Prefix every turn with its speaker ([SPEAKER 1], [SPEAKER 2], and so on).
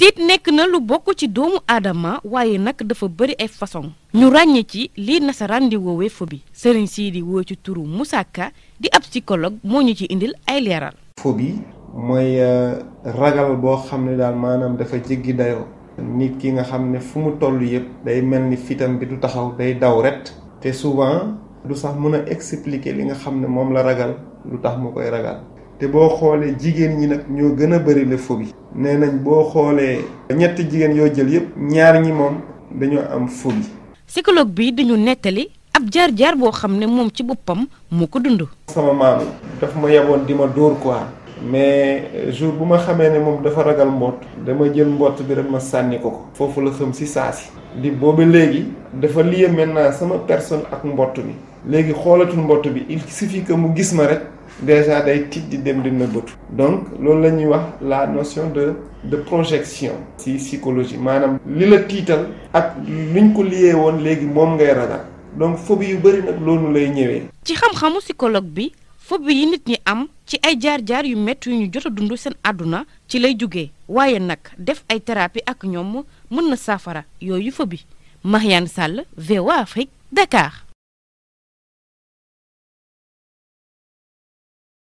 [SPEAKER 1] tiit nekk na lu bokk ci doomu aadama waaye nag dafa bëri ay façon ñu ràññee ci lii nasaraan di woowee phobie sëriñ sii di woo ci turu musaka di ab psychologue moo ñu ci indil ay leeral.
[SPEAKER 2] phobie mooy euh, ragal boo xam ne daal maanaam dafa jéggi dayo nit ki nga xam ne fu mu toll yépp day mel ni fitam bi du taxaw day daw ret te souvent du sax mën expliquer li nga xam ne la ragal lu tax mu koy ragal. te boo xoolee jigéen ñi nag ñoo gën a bëri le phobie nee nañ boo xoolee ñetti jigéen yoo jël yëpp ñaar ñi moom dañoo am phobie
[SPEAKER 1] psychologue bi dañu nettali ab jaar-jaar boo xam ne moom ci boppam moo
[SPEAKER 2] ko dund sama maam daf ma yeboon di ma dóor quoi mais jour bu ma xamee ne moom dafa ragal mboot dama jël mboot bi rek ma sànni ko ko foofu la xam si saa si di booba léegi dafa lié maintenant sama personne ak mbott mi léegi xoolatul mbott bi il suffit mu gis ma rek déjà day tiit di dem di nëbbatu donc loolu la ñuy wax la notion de de projection ci psychologie maanaam li la tiital ak luñ ko liyee woon léegi moom ngay ragal donc phobie yu bëri nag loolu lay ñëwee
[SPEAKER 1] ci xam-xamu psychologue bi phobie yi nit ñi am ci ay jaar-jaar yu métti yu ñu jot a dund seen àdduna ci lay jóge waaye nag def ay thérapie ak ñoom mën na saafara yooyu phobie Marianne Sall, VOA Afrique,
[SPEAKER 2] Dakar.